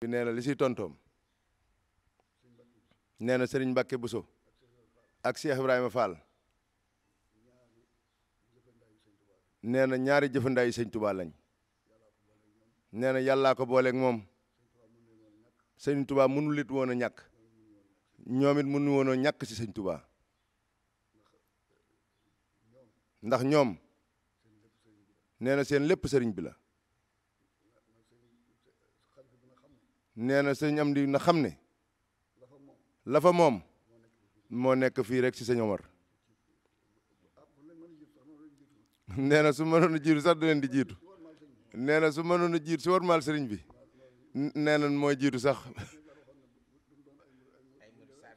bi nee na li si tontoom nee na sëriñ bu so ak seex Ibrahima Fall nee na ñaari jëfandaay sëñ Tuubaa lañ nee na yàllaa ko booleek moom sëñ tubaa mënul it ñàkk ñoomit it mënu woon a ñàkk si sëñ Tuubaa ndax ñoom nee na seen lépp sëriñ bi la nee na sëñ am di xam ne la moom moo nekk fii rek ci sëñ nee na su mënoon a jiitu sax du leen di jiitu nee na su mënoon a jiitu si sëriñ bi nee na mooy jiitu sax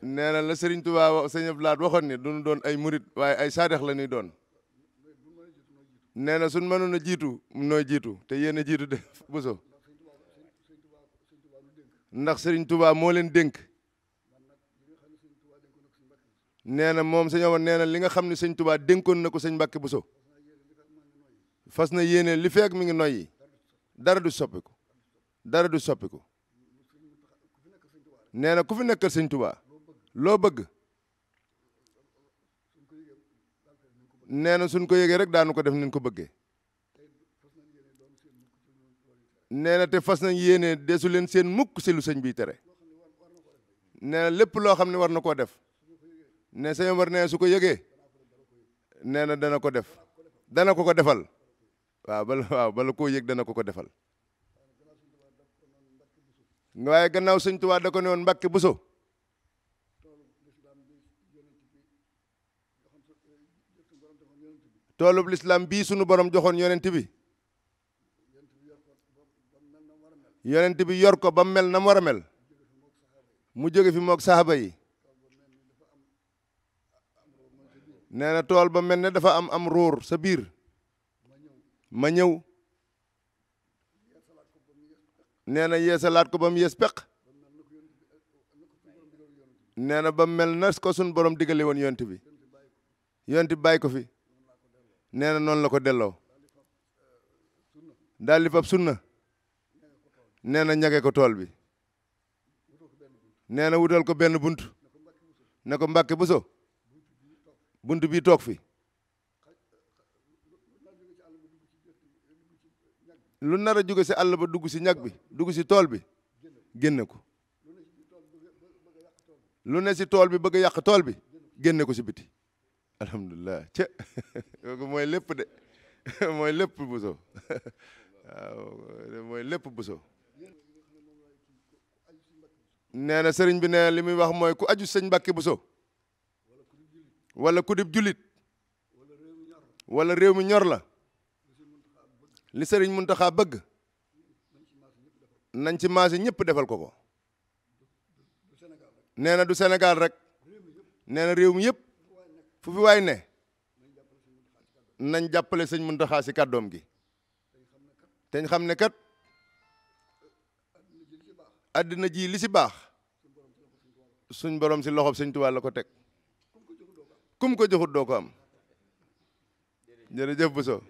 nee na la sëriñ Tuubaa sëñ Abdu Lahat waxoon ni duñu doon ay murit waaye ay saadex la ñuy doon nee na suñ mënoon a jiitu nooy jiitu te yéen jiitu de boso ndax Serigne Touba moo leen dénk nee na moom sëñ Omar nee na li nga xam ne sëñ tubaa dénkoon na ko sëñ Mbàkke Buso fas na yéene li feek mi ngi noyyi dara du soppiku dara du soppiku nee na ku fi nekkal sëñ Touba loo bëgg nee na suñ ko yëgee rek daanu ko def nañ ko bëggee nee na te fas nañ yéene desu leen seen mukk si lu sëñ bi tere nee lépp loo xam ne war na koo def ne sëñ Omar nee su ko yégee nee na dana ko def dana ko ko defal waaw bala waaw bala koo yég dana ko ko defal waaye gannaaw sëñ Tuubaa da ko ne woon Mbàkke Buso toolub lislaam bii sunu borom joxoon yonent bi yonent bi yor ko ba mu mel na mu war a mel mu jóge fi mook saxaaba yi nee na tool ba mel ne dafa am am ruur sa biir ma ñëw nee na yeesalaat ko ba mu yees peq nee na ba mu mel na ko suñ borom digale woon yonent bi yonent bi bàyyi ko fi nee na la ko delloo daal di fab sunna nee na ñage ko tool bi nee na wutal ko benn bunt ne ko bu so bunt bii toog fi lu nar a jóge si àll ba dugg si ñag bi dugg si tool bi génne ko lu ne si tool bi bëgg a yàq tool bi génne ko si biti alhamdulilah cë kooku mooy lépp de mooy lépp buso waaw mooy lépp buso nee na sëriñ bi nee li muy wax mooy ku aju sëñ Mbàkke Buso walla ku dib julit wala réew mi ñor la li sëriñ Muntaxa bëgg nañ ci maase ñëpp defal ko ko nee na du senegal rek nee na réew mi yëpp fu fi waay ne nañ jàppale sëñ Muntaxa si kàddoom gi teñ xam ne kat àddina ji li si baax suñ borom si loxob sëñ Tuubaa la ko teg kum ko joxut doo ko am bu so